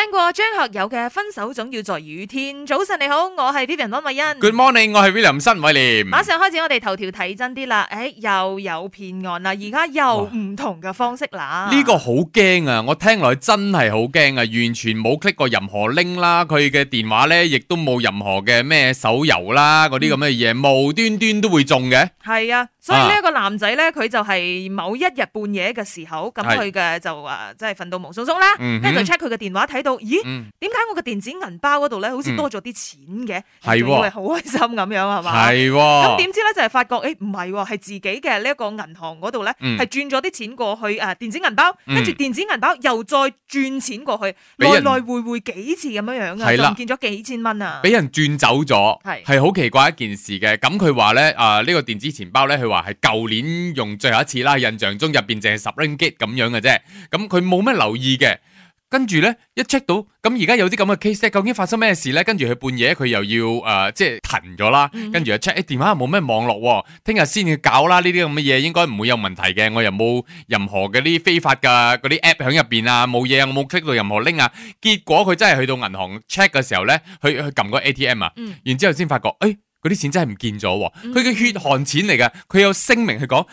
聽過張學友嘅分手總要在雨天。早晨你好，我係 Vivian 溫偉欣。Good morning，我係 William 申偉廉。馬上開始我哋頭條睇真啲啦。誒，又有騙案啦，而家又唔同嘅方式啦。呢個好驚啊！我聽落真係好驚啊，完全冇 click 過任何 link 啦，佢嘅電話咧亦都冇任何嘅咩手遊啦，嗰啲咁嘅嘢，無端端都會中嘅。係啊，所以呢一個男仔咧，佢就係某一日半夜嘅時候，咁佢嘅就話，即係瞓到毛鬆鬆啦，跟住 check 佢嘅電話睇到。咦？點解我個電子銀包嗰度咧，好似多咗啲錢嘅？係，好開心咁樣係嘛？係。咁點知咧，就係發覺，誒唔係，係自己嘅呢一個銀行嗰度咧，係轉咗啲錢過去誒電子銀包，跟住電子銀包又再轉錢過去，來來回回幾次咁樣樣啊，仲唔見咗幾千蚊啊！俾人轉走咗，係係好奇怪一件事嘅。咁佢話咧，啊呢個電子錢包咧，佢話係舊年用最後一次啦，印象中入邊淨係十 ringgit 咁樣嘅啫。咁佢冇乜留意嘅。跟住咧，一 check 到咁而家有啲咁嘅 case，究竟發生咩事咧？跟住佢半夜佢又要誒、呃，即係停咗啦。Mm hmm. 跟住又 check 啲電話冇咩網絡、啊，聽日先去搞啦、啊。呢啲咁嘅嘢，應該唔會有問題嘅。我又冇任何嘅啲非法噶嗰啲 app 響入邊啊，冇嘢啊，我冇 check 到任何 link 啊。結果佢真係去到銀行 check 嘅時候咧，去去撳個 ATM 啊，mm hmm. 然之後先發覺，誒、欸，嗰啲錢真係唔見咗、啊。佢嘅血汗錢嚟噶，佢有聲明去講。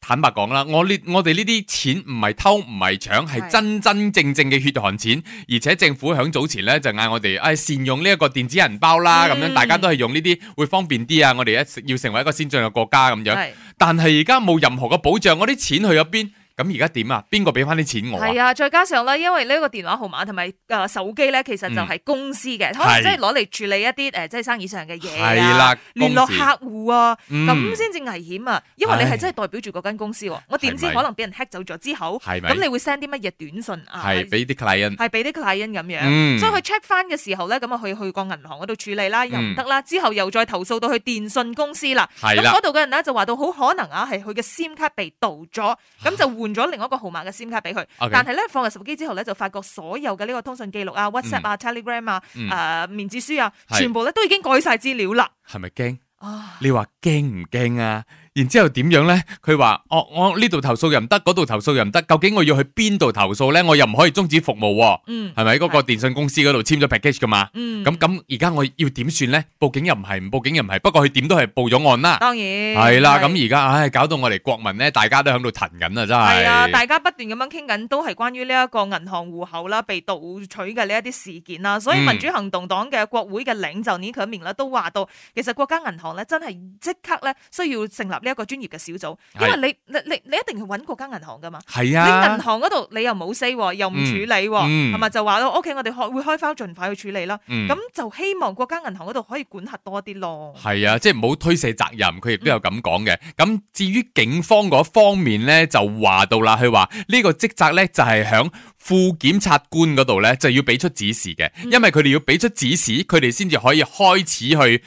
坦白講啦，我呢我哋呢啲錢唔係偷唔係搶，係真真正正嘅血汗錢，而且政府響早前呢就嗌我哋誒、哎、善用呢一個電子銀包啦，咁、嗯、樣大家都係用呢啲會方便啲啊，我哋一要成為一個先進嘅國家咁樣，是但係而家冇任何嘅保障，我啲錢去咗邊？咁而家點啊？邊個俾翻啲錢我啊？係啊，再加上咧，因為呢個電話號碼同埋誒手機咧，其實就係公司嘅，可能即係攞嚟處理一啲誒，即係生意上嘅嘢啊，聯絡客戶啊，咁先至危險啊！因為你係真係代表住嗰間公司喎，我點知可能俾人 hack 走咗之後，咁你會 send 啲乜嘢短信啊？係俾啲 client 係俾啲 client 咁樣，所以佢 check 翻嘅時候咧，咁啊佢去個銀行嗰度處理啦，又唔得啦，之後又再投訴到去電信公司啦。咁嗰度嘅人咧就話到好可能啊，係佢嘅 SIM 卡被盜咗，咁就換。換咗另一個號碼嘅 SIM 卡俾佢，Okay. 但係咧放入手機之後咧就發覺所有嘅呢個通訊記錄啊、WhatsApp 啊、Telegram、嗯、啊、誒、啊嗯呃、面子書啊，是全部咧都已經改晒資料啦。係咪驚？你話驚唔驚啊？然之後點樣咧？佢話：我我呢度投訴又唔得，嗰度投訴又唔得。究竟我要去邊度投訴咧？我又唔可以終止服務。嗯，係咪嗰個電信公司嗰度簽咗 package 㗎嘛？嗯，咁咁而家我要點算咧？報警又唔係，唔報警又唔係。不過佢點都係報咗案啦。當然係啦。咁而家唉，搞到我哋國民咧，大家都喺度騰緊啊！真係。係啊，大家不斷咁樣傾緊，都係關於呢一個銀行戶口啦，被盜取嘅呢一啲事件啦。所以民主行動黨嘅國會嘅領袖呢，佢一面咧都話到，其實國家銀行咧真係即刻咧需要成立。一個專業嘅小組，因為你你你你一定要揾國家銀行噶嘛，係啊，你銀行嗰度你又冇 say，又唔處理，係咪、嗯嗯、就話到 OK，我哋會會開翻盡快去處理啦。咁、嗯、就希望國家銀行嗰度可以管轄多啲咯。係啊，即係唔好推卸責任，佢亦都有咁講嘅。咁、嗯、至於警方嗰方面咧，就話到啦，佢話呢個職責咧就係、是、響副檢察官嗰度咧就要俾出指示嘅，因為佢哋要俾出指示，佢哋先至可以開始去。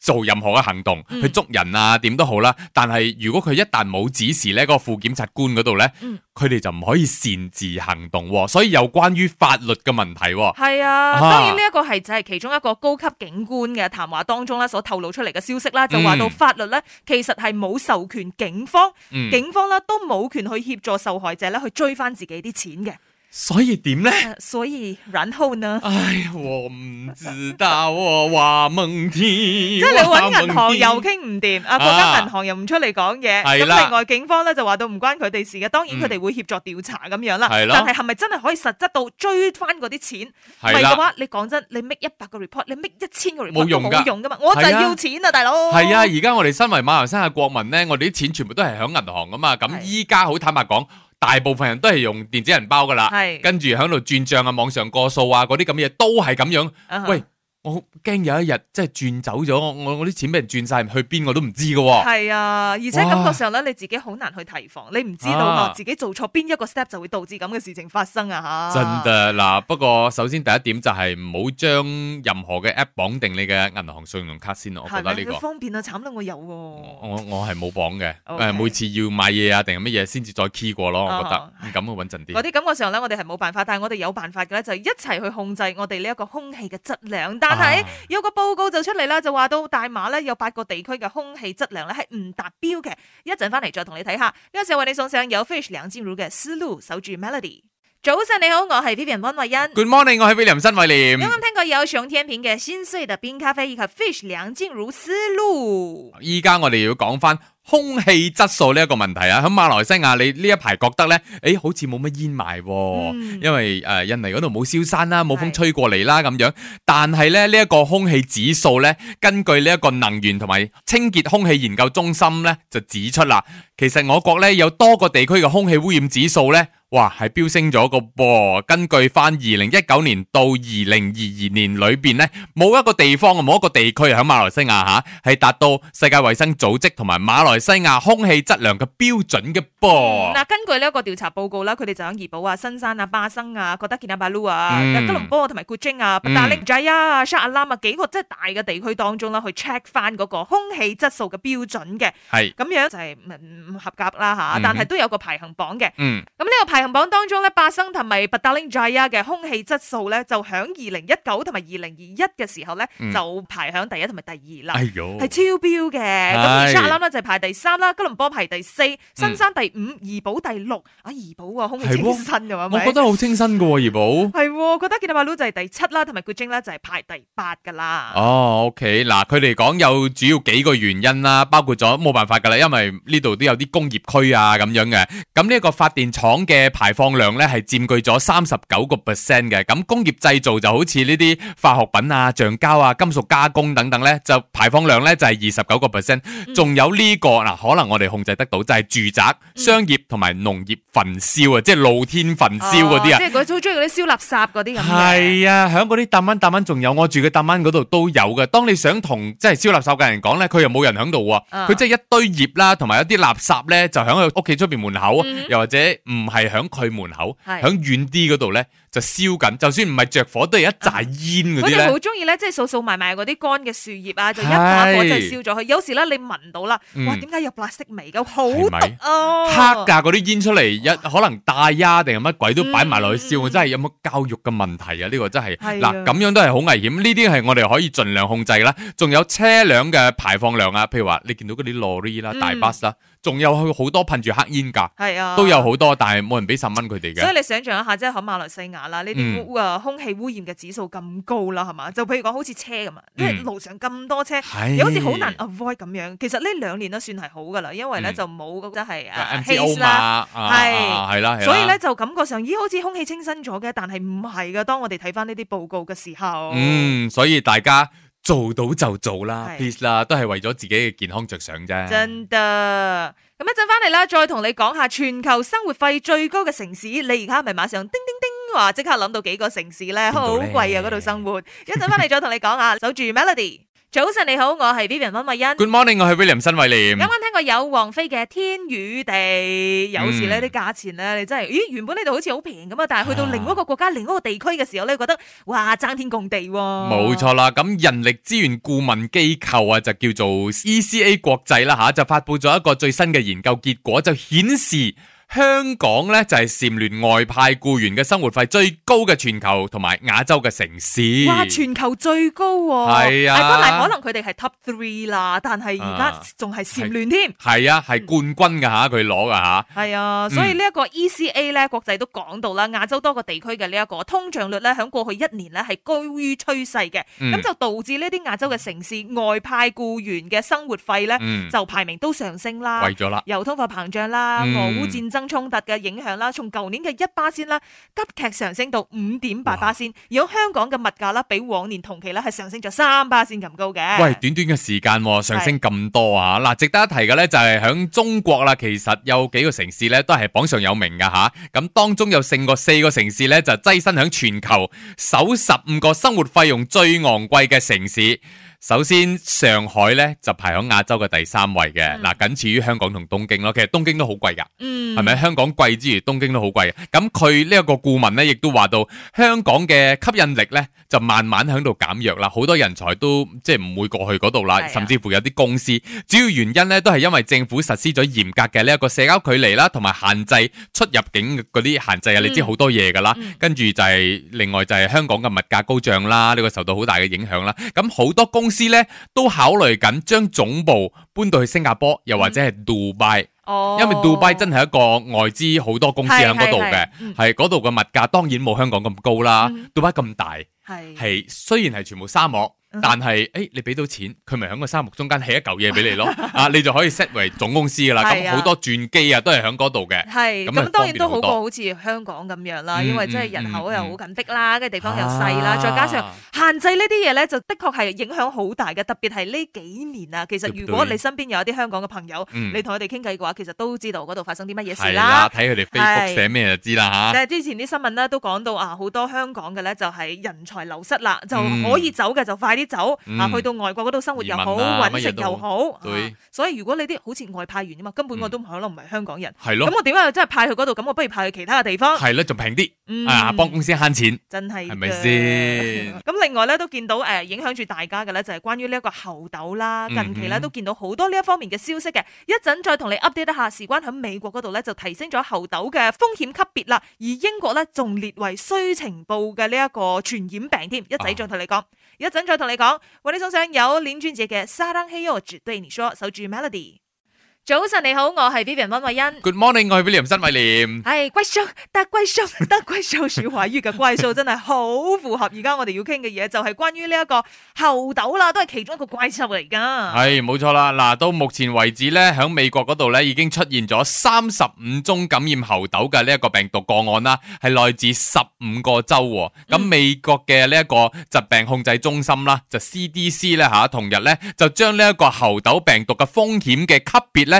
做任何嘅行動去捉人啊，點都好啦。但係如果佢一旦冇指示呢嗰、嗰個副檢察官嗰度呢，佢哋、嗯、就唔可以擅自行動、哦。所以有關於法律嘅問題、哦。係啊，啊當然呢一個係就係其中一個高級警官嘅談話當中咧，所透露出嚟嘅消息啦，就話到法律呢，其實係冇授權警方，嗯、警方呢都冇權去協助受害者咧去追翻自己啲錢嘅。所以點咧？所以然後呢？哎，我唔知道，我話問天，即係你搵銀行又傾唔掂，啊，嗰間銀行又唔出嚟講嘢，咁另外警方咧就話到唔關佢哋事嘅，當然佢哋會協助調查咁樣啦。但係係咪真係可以實質到追翻嗰啲錢？係嘅話，你講真，你搣一百個 report，你搣一千個 report 冇用，冇用噶嘛？我就係要錢啊，大佬。係啊，而家我哋身為馬來西亞國民咧，我哋啲錢全部都係響銀行噶嘛。咁依家好坦白講。大部分人都係用電子銀包㗎喇，跟住喺度轉賬啊、網上過數啊嗰啲咁嘅嘢都係咁樣。Uh huh. 喂！我驚有一日即係轉走咗，我我啲錢俾人轉晒去邊我都唔知噶，啊。係啊，而且感覺上咧，哇你自己好難去提防，你唔知道，啊，自己做錯邊一個 step 就會導致咁嘅事情發生啊吓。啊真噶嗱，啊，不過首先第一點就係唔好將任何嘅 app 綁定你嘅銀行信用卡先，我覺得呢，這個。係啊，方便啊，慘到我有喎，啊。我我係冇綁嘅，每次要買嘢啊，定係乜嘢先至再 key 過咯，uh huh. 我覺得咁啊穩陣啲。嗰，嗯，啲感覺上咧，我哋係冇辦法，但係我哋有辦法嘅咧，就係一齊去控制我哋呢一個空氣嘅質量但係、啊、有個報告就出嚟啦，就話到大馬咧有八個地區嘅空氣質量咧係唔達標嘅。一陣翻嚟再同你睇下。呢、呢個時候為你送上有 Fish 梁靜茹嘅思路守住 Melody。早晨你好，我係 William 溫慧欣。Good morning，我係 William 申偉廉。啱啱聽過有熊天平嘅心碎的冰咖啡，以及 Fish 梁靜茹思路。依家我哋要講翻空氣質素呢一個問題啊！喺馬來西亞，你呢一排覺得咧，誒，好似冇乜煙霾，因為誒，印尼嗰度冇燒山啦，冇風吹過嚟啦咁樣。但係咧，呢一個空氣指數咧，根據呢一個能源同埋清潔空氣研究中心咧，就指出啦，其實我國咧有多個地區嘅空氣污染指數咧。哇，係飆升咗個噃！根據翻二零一九年到二零二二年裏邊咧，冇一個地方啊，冇一個地區喺馬來西亞吓係達到世界衛生組織同埋馬來西亞空氣質量嘅標準嘅噃。嗯，嗱，根據呢一個調查報告啦，佢哋就喺怡保啊、新山啊、巴生啊、哥打京那啊、巴魯啊、吉隆坡同埋古晉啊、丹立仔啊、沙阿南啊幾個即係大嘅地區當中啦，去 check 翻嗰個空氣質素嘅標準嘅。係咁樣就係唔合格啦吓，但係都有個排行榜嘅。嗯，咁呢個排。排行榜當中咧，巴生同埋八打靈再也嘅空氣質素咧，就響2019同埋2021嘅時候咧，就排響第一同埋第二啦，係超標嘅。咁沙拉拉就係排第三啦，吉隆坡排第四，新山第五，怡保第六。啊，怡保啊，空氣清新嘅嘛，我覺得好清新嘅喎，怡保。係，覺得吉打巴魯就係第七啦，同埋古晉咧就係排第八噶啦。哦，OK，嗱，佢哋講有主要幾個原因啦，包括咗冇辦法㗎啦，因為呢度都有啲工業區啊咁樣嘅。咁呢一個發電廠嘅。排放量咧係佔據咗三十九個 percent 嘅，咁工業製造就好似呢啲化學品啊、橡膠啊、金屬加工等等咧，就排放量咧就係二十九個 percent。仲有呢個嗱，可能我哋控制得到，就係住宅、商業同埋農業焚燒啊，即係露天焚燒嗰啲啊。即係佢好鍾意嗰啲燒垃圾嗰啲咁嘅。係啊，響嗰啲揼蚊揼蚊，仲有我住嘅揼蚊嗰度都有嘅。當你想同即係燒垃圾嘅人講咧，佢又冇人響度喎，佢即係一堆葉啦，同埋一啲垃圾咧，就響佢屋企出邊門口，又或者唔係響，響佢門口，響遠啲嗰度咧。就燒緊，就算唔係着火，都係一揸煙嗰啲。我哋好中意咧，即係掃掃埋埋嗰啲乾嘅樹葉啊，是就一把火即係燒咗佢。有時咧，你聞到啦，嗯、哇，點解有 plastic 味嘅？好毒啊！是是黑噶嗰啲煙出嚟，一哇可能大丫定係乜鬼都擺埋落去燒，嗯、真係有冇教育嘅問題啊？呢、呢個真係嗱，咁、啊、樣都係好危險。呢啲係我哋可以盡量控制啦。仲有車輛嘅排放量啊，譬如話你見到嗰啲 lorry 啦、大巴士啦，仲、嗯、有好多噴住黑煙噶，啊、都有好多，但係冇人俾十蚊佢哋嘅。所以你想象一下，即係喺馬來西亞。啦，呢啲啊，空氣污染嘅指數咁高啦，係嘛？就譬如講，好似車咁啊，因為路上咁多車，又好似好難 avoid 咁樣。其實呢兩年都算係好噶啦，因為咧就冇咁即係啊，haze 啦，係係啦，所以咧就感覺上咦好似空氣清新咗嘅，但係唔係噶。當我哋睇翻呢啲報告嘅時候，嗯，所以大家做到就做啦，please 啦，都係為咗自己嘅健康着想啫。真得，咁一陣翻嚟啦，再同你講下全球生活費最高嘅城市。你而家係咪馬上叮叮叮？即刻諗到幾個城市咧，好貴啊！嗰度生活一陣翻嚟，再同你講啊。 守住 Melody，早晨你好，我係 Vivian 溫慧欣。Good morning，我係 William 新慧廉。啱啱聽過有王菲嘅《天與地》，有時呢啲價、嗯、錢咧，你真係咦？原本呢度好似好平咁啊，但係去到另一個國家、啊、另一個地區嘅時候咧，你覺得哇，爭天共地、啊。冇錯啦，咁人力資源顧問機構啊，就叫做 ECA 國際啦吓、啊，就發布咗一個最新嘅研究結果，就顯示。香港咧就係蟬聯外派僱員嘅生活費最高嘅全球同埋亞洲嘅城市。哇，全球最高係啊，不過可能佢哋係 top three 啦，但係而家仲係蟬聯添。係啊，係冠軍噶吓，佢攞噶吓。係啊，所以呢一個 ECA 咧，國際都講到啦，亞洲多個地區嘅呢一個通脹率咧，響過去一年咧係高於趨勢嘅，咁就導致呢啲亞洲嘅城市外派僱員嘅生活費咧就排名都上升啦。貴咗啦，由通貨膨脹啦，俄烏戰爭衝突嘅影響啦，從舊年嘅一巴仙啦，急劇上升到五點八巴仙。如果哇香港嘅物價啦，比往年同期咧係上升咗三巴仙咁高嘅。喂，短短嘅時間上升咁多啊！嗱是，值得一提嘅咧就係喺中國啦，其實有幾個城市咧都係榜上有名嘅吓。咁當中有勝過四個城市咧，就躋身響全球首十五個生活費用最昂貴嘅城市。首先上海咧就排響亞洲嘅第三位嘅，嗱僅、嗯、次於香港同東京咯。其實東京都好貴噶，係咪、嗯？香港貴之餘，東京都好貴。咁佢呢一個顧問咧，亦都話到香港嘅吸引力咧就慢慢響度減弱啦，好多人才都即係唔會過去嗰度啦，啊、甚至乎有啲公司主要原因咧都係因為政府實施咗嚴格嘅呢一個社交距離啦，同埋限制出入境嗰啲限制啊，嗯、你知好多嘢噶啦。跟住就係、是、另外就係香港嘅物價高漲啦，呢、這個受到好大嘅影響啦。咁好多公公司咧都考慮緊將總部搬到去新加坡，又或者係杜拜，哦，因為杜拜真係一個外資好多公司響度嘅，係度嘅物價當然冇香港咁高啦。杜拜咁大，係是雖然係全部沙漠。但係，誒你俾到錢，佢咪喺個沙漠中間起一嚿嘢俾你咯？啊，你就可以 set 為總公司噶啦。咁好多轉機啊，都係喺嗰度嘅。係。咁當然都好過好似香港咁樣啦，因為真係人口又好緊迫啦，跟住地方又細啦，再加上限制呢啲嘢咧，就的確係影響好大嘅。特別係呢幾年啊，其實如果你身邊有一啲香港嘅朋友，你同佢哋傾偈嘅話，其實都知道嗰度發生啲乜嘢事啦。睇佢哋 Facebook 寫咩就知啦嚇。誒，之前啲新聞咧都講到啊，好多香港嘅咧就係人才流失啦，就可以走嘅就快走啊，嗯、去到外國嗰度生活又好，揾、啊、食又好，所以如果你啲好似外派員啊嘛，根本我都、嗯、可能唔係香港人，咁的我點解真係派去嗰度？咁我不如派去其他嘅地方？係啦，就平啲。嗯、啊，幫公司慳錢，真係係咪先？咁 另外咧都見到誒，影響住大家嘅咧就係關於呢一個猴痘啦。近期咧、嗯、都見到好多呢一方面嘅消息嘅，一陣、嗯、再同你 update 一下，事關喺美國嗰度咧就提升咗猴痘嘅風險級別啦，而英國咧仲列為需呈報嘅呢一個傳染病添。一陣再同你講，一陣、哦、再同你講，為你送上有臉專姐嘅 Sara h e y o s ji, 對你說守住 Melody。早晨你好，我係 Vivian 溫慧欣。Good morning，我係 William 新威廉。係怪獸，得怪獸，得怪獸，鼠尾月嘅怪獸真係好符合而家我哋要傾嘅嘢，就係關於呢一個猴痘啦，都係其中一個怪獸嚟噶。係冇錯啦，嗱，到目前為止咧，喺美國嗰度咧已經出現咗三十五宗感染猴痘嘅呢一個病毒個案啦，係來自十五個州。咁美國嘅呢一個疾病控制中心啦，就 CDC 咧吓，同日咧就將呢一個猴痘病毒嘅風險嘅級別咧。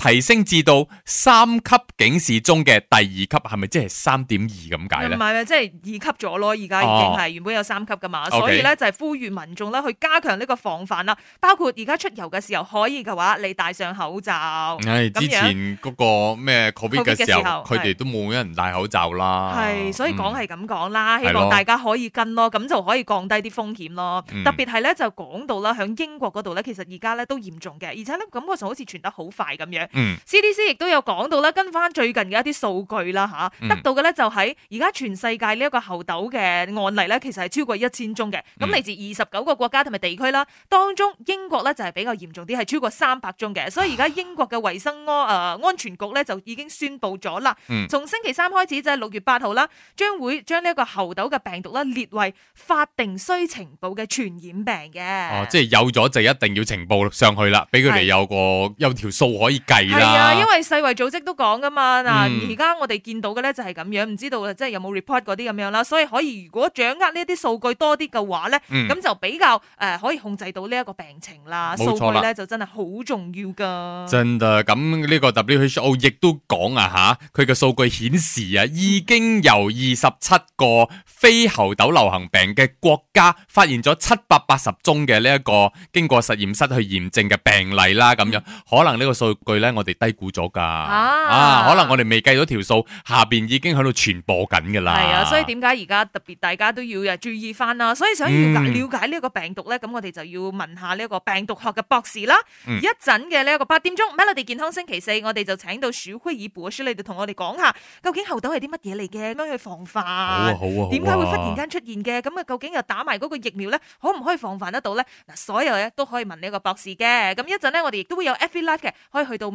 提升至到三級警示中嘅第二級，係咪即係三點二咁解咧？唔係，即係二級咗咯。而家已經係原本有三級噶嘛，所以咧就係呼籲民眾咧去加強呢個防範啦。包括而家出遊嘅時候，可以嘅話，你戴上口罩。唉，之前嗰個咩？COVID 嘅時候，佢哋都冇人戴口罩啦。係，所以講係咁講啦，希望大家可以跟咯，咁就可以降低啲風險咯。特別係咧就講到啦，響英國嗰度咧，其實而家咧都嚴重嘅，而且咧感覺上好似傳得好快咁樣。嗯、CDC 亦都有講到啦，跟翻最近嘅一啲數據啦嚇，得到嘅咧就喺而家全世界呢一個猴痘嘅案例咧，其實係超過一千宗嘅，咁嚟、嗯、自二十九個國家同埋地區啦。當中英國咧就係比較嚴重啲，係超過三百宗嘅。所以而家英國嘅衞生安誒、 呃、安全局咧就已經宣布咗啦，從星期三開始就係、是、六月八號啦，將會將呢一個猴痘嘅病毒咧列為法定需呈報嘅傳染病嘅。哦，即係有咗就一定要呈報上去啦，俾佢哋有個有條數可以計。係啊，因為世衛組織都講噶嘛，嗱，而家我哋見到嘅咧就係咁樣，唔知道啊，即係有冇 report 啲，咁樣啦，所以可以如果掌握呢一啲數據多啲嘅話咧，咁、嗯、就比較誒可以控制到呢一個病情啦。數據咧就真係好重要噶。真得咁呢個 W H O 亦都講啊吓，佢嘅數據顯示啊，已經由二十七個非猴痘流行病嘅國家發現咗七百八十宗嘅呢一個經過實驗室去驗證嘅病例啦，咁樣可能個呢個數據咧。我哋低估咗噶，啊，可能我哋未計到條數，下邊已經喺度傳播緊噶啦。係啊，所以點解而家特別大家都要又注意翻啦？所以想要了解呢一個病毒咧，咁我哋就要問下呢一個病毒學嘅博士啦。一陣嘅呢一個八點鐘，Melody 健康星期四，我哋就請到史奎爾博士嚟度同我哋講下，究竟猴痘係啲乜嘢嚟嘅，點樣去防範？好啊，好啊，點解會忽然間出現嘅？咁啊，究竟又打埋嗰個疫苗咧，可唔可以防範得到咧？嗱，所有嘢都可以問呢個博士嘅。咁一陣咧，我哋亦都會有 FB Live 嘅，可以去到。